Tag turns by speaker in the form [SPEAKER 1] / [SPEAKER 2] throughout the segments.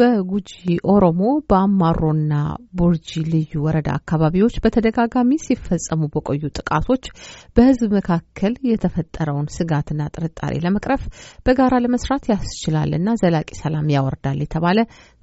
[SPEAKER 1] በጉጂ ኦሮሞ በአማሮና ቦርጂ ልዩ ወረዳ አካባቢዎች በተደጋጋሚ ሲፈጸሙ በቆዩ ጥቃቶች በሕዝብ መካከል የተፈጠረውን ስጋትና ጥርጣሬ ለመቅረፍ በጋራ ለመስራት ያስችላልና ዘላቂ ሰላም ያወርዳል የተባለ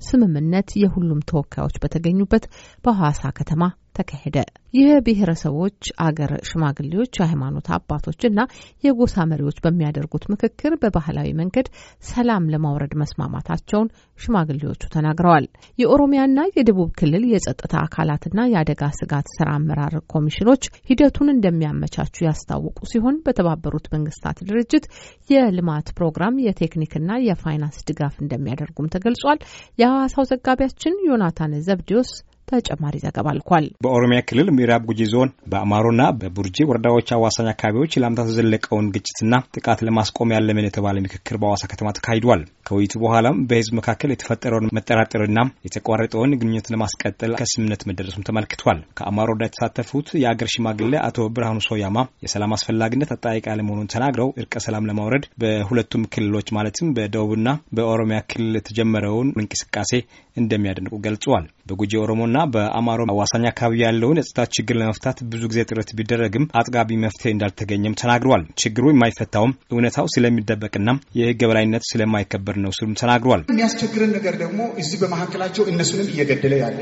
[SPEAKER 1] ስምምነት የሁሉም ተወካዮች በተገኙበት በሐዋሳ ከተማ ተካሄደ። የብሔረሰቦች አገር ሽማግሌዎች፣ የሃይማኖት አባቶች እና የጎሳ መሪዎች በሚያደርጉት ምክክር በባህላዊ መንገድ ሰላም ለማውረድ መስማማታቸውን ሽማግሌዎቹ ተናግረዋል። የኦሮሚያና የደቡብ ክልል የጸጥታ አካላትና የአደጋ ስጋት ስራ አመራር ኮሚሽኖች ሂደቱን እንደሚያመቻቹ ያስታወቁ ሲሆን በተባበሩት መንግስታት ድርጅት የልማት ፕሮግራም የቴክኒክና የፋይናንስ ድጋፍ እንደሚያደርጉም ተገልጿል። የሐዋሳው ዘጋቢያችን ዮናታን ዘብዲዮስ ተጨማሪ ዘገባ አልኳል።
[SPEAKER 2] በኦሮሚያ ክልል ምዕራብ ጉጂ ዞን በአማሮና በቡርጂ ወረዳዎች አዋሳኝ አካባቢዎች ለአመታት ዘለቀውን ግጭትና ጥቃት ለማስቆም ያለምን የተባለ ምክክር በአዋሳ ከተማ ተካሂዷል። ከውይይቱ በኋላም በህዝብ መካከል የተፈጠረውን መጠራጠርና የተቋረጠውን ግንኙነት ለማስቀጠል ከስምምነት መደረሱም ተመልክቷል። ከአማሮ የተሳተፉት የአገር ሽማግሌ አቶ ብርሃኑ ሶያማ የሰላም አስፈላጊነት አጠያቂ አለመሆኑን ተናግረው እርቀ ሰላም ለማውረድ በሁለቱም ክልሎች ማለትም በደቡብና በኦሮሚያ ክልል የተጀመረውን እንቅስቃሴ እንደሚያደንቁ ገልጸዋል። በጉጂ ኦሮሞና ና በአማሮ አዋሳኝ አካባቢ ያለውን የጸጥታ ችግር ለመፍታት ብዙ ጊዜ ጥረት ቢደረግም አጥጋቢ መፍትሄ እንዳልተገኘም ተናግረዋል። ችግሩ የማይፈታውም እውነታው ስለሚደበቅና የህግ በላይነት ስለማይከበር ነው ሲሉም ተናግረዋል።
[SPEAKER 3] የሚያስቸግርን ነገር ደግሞ እዚህ በመካከላቸው እነሱንም እየገደለ ያለ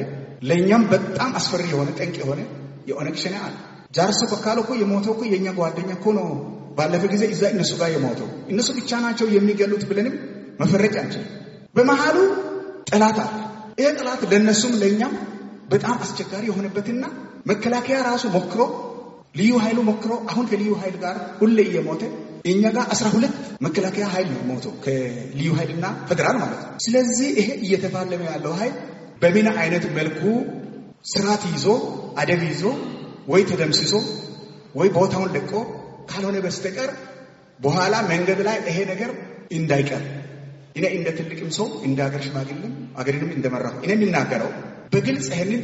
[SPEAKER 3] ለእኛም በጣም አስፈሪ የሆነ ጠንቅ የሆነ የኦነግ ሸኔ አለ። ጃርሶ በካሎ እኮ የሞተው እኮ የእኛ ጓደኛ እኮ ነው። ባለፈ ጊዜ እዛ እነሱ ጋር የሞተው እነሱ ብቻ ናቸው የሚገሉት ብለንም መፈረጅ አንችልም። በመሃሉ ጠላት አለ። ይሄ ጠላት ለእነሱም ለእኛም በጣም አስቸጋሪ የሆነበትና መከላከያ ራሱ ሞክሮ ልዩ ኃይሉ ሞክሮ አሁን ከልዩ ኃይል ጋር ሁሌ እየሞተ የእኛ ጋር አስራ ሁለት መከላከያ ኃይል ነው ሞቶ ከልዩ ኃይልና ፌደራል ማለት ነው። ስለዚህ ይሄ እየተፋለመ ያለው ኃይል በምን አይነት መልኩ ስርዓት ይዞ አደብ ይዞ ወይ ተደምስሶ ወይ ቦታውን ለቆ ካልሆነ በስተቀር በኋላ መንገድ ላይ ይሄ ነገር እንዳይቀር እኔ እንደ ትልቅም ሰው እንደ ሀገር ሽማግሌም አገሬንም እንደመራሁ እኔ የሚናገረው በግልጽ ይህንን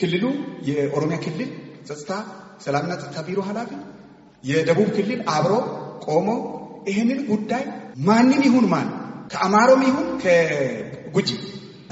[SPEAKER 3] ክልሉ የኦሮሚያ ክልል ጸጥታ ሰላምና ጸጥታ ቢሮ ኃላፊ የደቡብ ክልል አብሮ ቆሞ ይህንን ጉዳይ ማንም ይሁን ማን ከአማሮም ይሁን ከጉጂ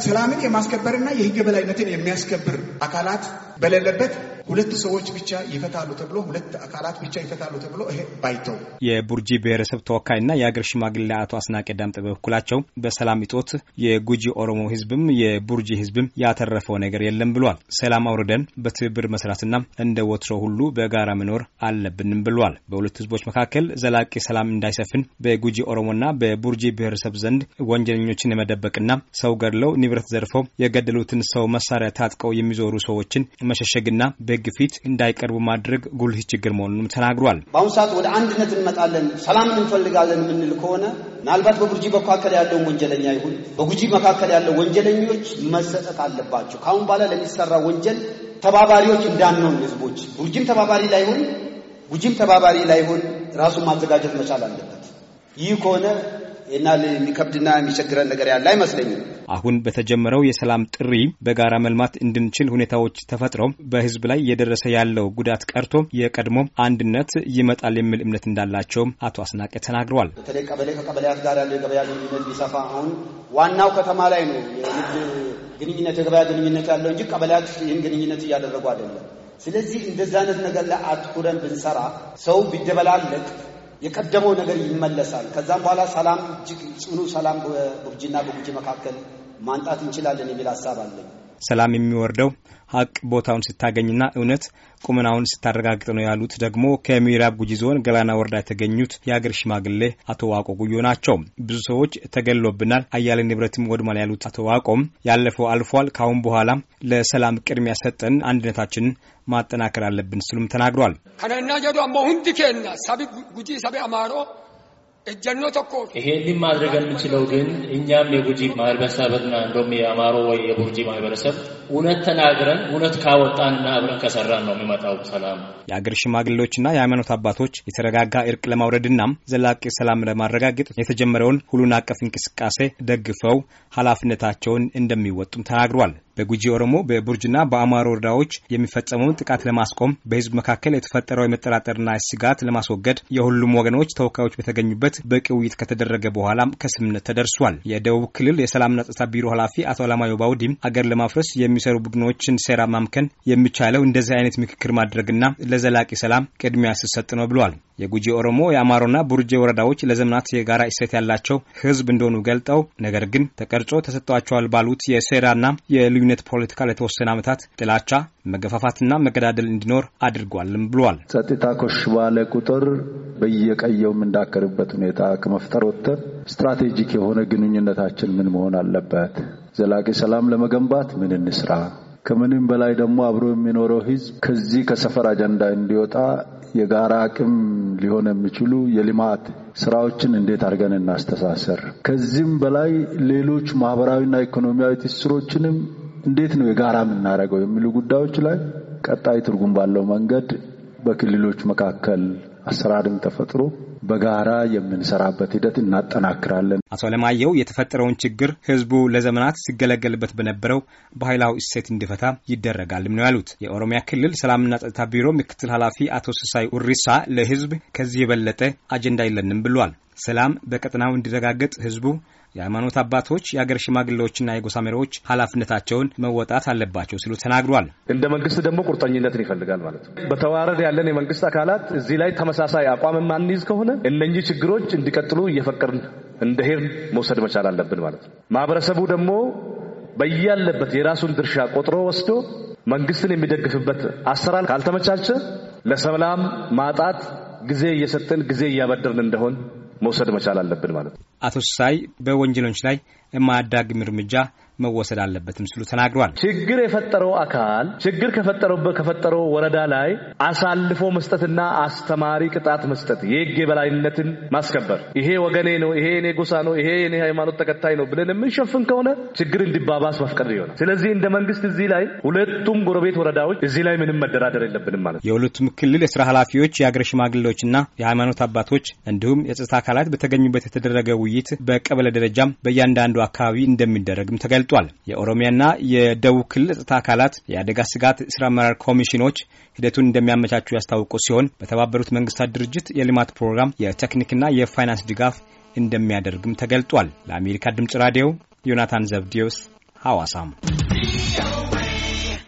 [SPEAKER 3] ሰላምን የማስከበርና የህግ የበላይነትን የሚያስከብር አካላት በሌለበት ሁለት ሰዎች ብቻ ይፈታሉ ተብሎ ሁለት አካላት ብቻ ይፈታሉ ተብሎ ይሄ ባይተው
[SPEAKER 2] የቡርጂ ብሔረሰብ ተወካይና የአገር ሽማግሌ አቶ አስናቀ ዳምጠ በበኩላቸው በሰላም እጦት የጉጂ ኦሮሞ ህዝብም የቡርጂ ህዝብም ያተረፈው ነገር የለም ብሏል። ሰላም አውርደን በትብብር መስራትና እንደ ወትሮ ሁሉ በጋራ መኖር አለብንም ብሏል። በሁለቱ ህዝቦች መካከል ዘላቂ ሰላም እንዳይሰፍን በጉጂ ኦሮሞና በቡርጂ ብሔረሰብ ዘንድ ወንጀለኞችን የመደበቅና ሰው ገድለው ንብረት ዘርፈው የገደሉትን ሰው መሳሪያ ታጥቀው የሚዞሩ ሰዎችን መሸሸግና በህግ ፊት እንዳይቀርቡ ማድረግ ጉልህ ችግር መሆኑንም ተናግሯል።
[SPEAKER 3] በአሁኑ ሰዓት ወደ አንድነት እንመጣለን፣ ሰላምን እንፈልጋለን የምንል ከሆነ ምናልባት በጉጂ መካከል ያለውን ወንጀለኛ ይሁን በጉጂ መካከል ያለው ወንጀለኞች መሰጠት አለባቸው። ከአሁን በኋላ ለሚሰራ ወንጀል ተባባሪዎች እንዳንሆን ህዝቦች ጉጂም ተባባሪ ላይሆን ጉጂም ተባባሪ ላይሆን ራሱን ማዘጋጀት መቻል አለበት። ይህ ከሆነ እና የሚከብድና የሚቸግረን ነገር ያለ አይመስለኝም።
[SPEAKER 2] አሁን በተጀመረው የሰላም ጥሪ በጋራ መልማት እንድንችል ሁኔታዎች ተፈጥሮ በህዝብ ላይ እየደረሰ ያለው ጉዳት ቀርቶ የቀድሞ አንድነት ይመጣል የሚል እምነት እንዳላቸው አቶ አስናቀ ተናግረዋል።
[SPEAKER 3] በተለይ ቀበሌ ከቀበሌያት ጋር ያለው የገበያ ግንኙነት ቢሰፋ አሁን ዋናው ከተማ ላይ ነው የንግድ ግንኙነት የገበያ ግንኙነት ያለው እንጂ ቀበሌያት ይህን ግንኙነት እያደረጉ አይደለም። ስለዚህ እንደዚህ አይነት ነገር ላይ አትኩረን ብንሰራ ሰው ቢደበላለቅ የቀደመው ነገር ይመለሳል። ከዛም በኋላ ሰላም፣ እጅግ ጽኑ ሰላም በቡርጂና በጉጂ መካከል ማንጣት እንችላለን የሚል ሀሳብ አለኝ።
[SPEAKER 2] ሰላም የሚወርደው ሀቅ ቦታውን ስታገኝና እውነት ቁመናውን ስታረጋግጥ ነው ያሉት ደግሞ ከምዕራብ ጉጂ ዞን ገላና ወረዳ የተገኙት የአገር ሽማግሌ አቶ ዋቆ ጉዮ ናቸው። ብዙ ሰዎች ተገሎብናል፣ አያሌ ንብረትም ወድሟል ያሉት አቶ ዋቆም ያለፈው አልፏል፣ ካሁን በኋላ ለሰላም ቅድሚያ ሰጠን አንድነታችንን ማጠናከር አለብን ስሉም ተናግሯል።
[SPEAKER 3] ከነና ጀዶ አሞ ሁንድ ኬና ሳቢ ጉጂ ሳቢ አማሮ
[SPEAKER 2] ይሄንን ማድረግ የምችለው ግን እኛም የጉጂ ማህበረሰብና
[SPEAKER 1] እንደውም የአማሮ ወይ የቡርጂ ማህበረሰብ እውነት ተናግረን እውነት ካወጣንና አብረን ከሰራን ነው የሚመጣው ሰላም።
[SPEAKER 2] የአገር ሽማግሌዎችና የሃይማኖት አባቶች የተረጋጋ እርቅ ለማውረድና ዘላቂ ሰላም ለማረጋገጥ የተጀመረውን ሁሉን አቀፍ እንቅስቃሴ ደግፈው ኃላፊነታቸውን እንደሚወጡም ተናግሯል። በጉጂ ኦሮሞ በቡርጅና በአማሮ ወረዳዎች የሚፈጸመውን ጥቃት ለማስቆም በህዝብ መካከል የተፈጠረው የመጠራጠርና ስጋት ለማስወገድ የሁሉም ወገኖች ተወካዮች በተገኙበት በቂ ውይይት ከተደረገ በኋላም ከስምነት ተደርሷል። የደቡብ ክልል የሰላምና ጸጥታ ቢሮ ኃላፊ አቶ አለማዮ ባውዲም አገር ለማፍረስ የሚ የሚሰሩ ቡድኖችን ሴራ ማምከን የሚቻለው እንደዚህ አይነት ምክክር ማድረግና ለዘላቂ ሰላም ቅድሚያ ስሰጥ ነው ብሏል። የጉጂ ኦሮሞ፣ የአማሮና ቡርጄ ወረዳዎች ለዘመናት የጋራ እሴት ያላቸው ህዝብ እንደሆኑ ገልጠው ነገር ግን ተቀርጾ ተሰጥቷቸዋል ባሉት የሴራና የልዩነት ፖለቲካ ለተወሰነ ዓመታት ጥላቻ፣ መገፋፋትና መገዳደል እንዲኖር አድርጓልም ብሏል። ጸጥታ ኮሽ ባለ ቁጥር
[SPEAKER 1] በየቀየው የምንዳከርበት ሁኔታ ከመፍጠር ወጥተን ስትራቴጂክ የሆነ ግንኙነታችን ምን መሆን አለበት ዘላቂ ሰላም ለመገንባት ምን እንስራ? ከምንም በላይ ደግሞ አብሮ የሚኖረው ህዝብ ከዚህ ከሰፈር አጀንዳ እንዲወጣ የጋራ አቅም ሊሆን የሚችሉ የልማት ስራዎችን እንዴት አድርገን እናስተሳሰር። ከዚህም በላይ ሌሎች ማህበራዊና ኢኮኖሚያዊ ትስሮችንም እንዴት ነው የጋራ የምናደርገው የሚሉ ጉዳዮች ላይ ቀጣይ ትርጉም ባለው መንገድ በክልሎች መካከል አሰራርም ተፈጥሮ በጋራ የምንሰራበት ሂደት እናጠናክራለን።
[SPEAKER 2] አቶ አለማየሁ የተፈጠረውን ችግር ህዝቡ ለዘመናት ሲገለገልበት በነበረው ባህላዊ እሴት እንዲፈታ ይደረጋልም ነው ያሉት። የኦሮሚያ ክልል ሰላምና ጸጥታ ቢሮ ምክትል ኃላፊ አቶ ስሳይ ኡሪሳ ለህዝብ ከዚህ የበለጠ አጀንዳ የለንም ብሏል። ሰላም በቀጠናው እንዲረጋገጥ ህዝቡ፣ የሃይማኖት አባቶች፣ የአገር ሽማግሌዎችና የጎሳ መሪዎች ኃላፊነታቸውን መወጣት አለባቸው ሲሉ ተናግሯል። እንደ መንግስት ደግሞ ቁርጠኝነትን ይፈልጋል ማለት ነው።
[SPEAKER 1] በተዋረድ ያለን የመንግስት አካላት እዚህ ላይ ተመሳሳይ አቋም ማንይዝ ከሆነ እነኚህ ችግሮች እንዲቀጥሉ እየፈቀርን እንደ ሄድን መውሰድ መቻል አለብን ማለት ነው። ማህበረሰቡ ደግሞ በያለበት የራሱን ድርሻ ቆጥሮ ወስዶ መንግስትን የሚደግፍበት አሰራር ካልተመቻቸ ለሰላም ማጣት ጊዜ እየሰጠን ጊዜ እያበደርን እንደሆን መውሰድ መቻል አለብን
[SPEAKER 2] ማለት ነው። አቶ ሳይ በወንጀሎች ላይ የማያዳግም እርምጃ መወሰድ አለበትም ሲሉ
[SPEAKER 1] ተናግሯል። ችግር የፈጠረው አካል ችግር ከፈጠረው ወረዳ ላይ አሳልፎ መስጠትና አስተማሪ ቅጣት መስጠት የህግ የበላይነትን ማስከበር ይሄ ወገኔ ነው፣ ይሄ የኔ ጎሳ ነው፣ ይሄ የኔ ሃይማኖት ተከታይ ነው ብለን የምንሸፍን ከሆነ ችግር እንዲባባስ ማፍቀድ ይሆናል። ስለዚህ እንደ መንግስት እዚህ ላይ ሁለቱም ጎረቤት ወረዳዎች እዚህ ላይ ምንም መደራደር የለብንም ማለት
[SPEAKER 2] ነው። የሁለቱም ክልል የስራ ኃላፊዎች፣ የአገር ሽማግሌዎችና የሃይማኖት አባቶች እንዲሁም የጸጥታ አካላት በተገኙበት የተደረገ ውይይት በቀበሌ ደረጃም በእያንዳንዱ አካባቢ እንደሚደረግም ተገልጧል። የኦሮሚያና የደቡብ ክልል ጸጥታ አካላት የአደጋ ስጋት ስራ አመራር ኮሚሽኖች ሂደቱን እንደሚያመቻቹ ያስታወቁ ሲሆን በተባበሩት መንግስታት ድርጅት የልማት ፕሮግራም የቴክኒክና የፋይናንስ ድጋፍ እንደሚያደርግም ተገልጧል። ለአሜሪካ ድምጽ ራዲዮ ዮናታን ዘብዲዮስ ሐዋሳም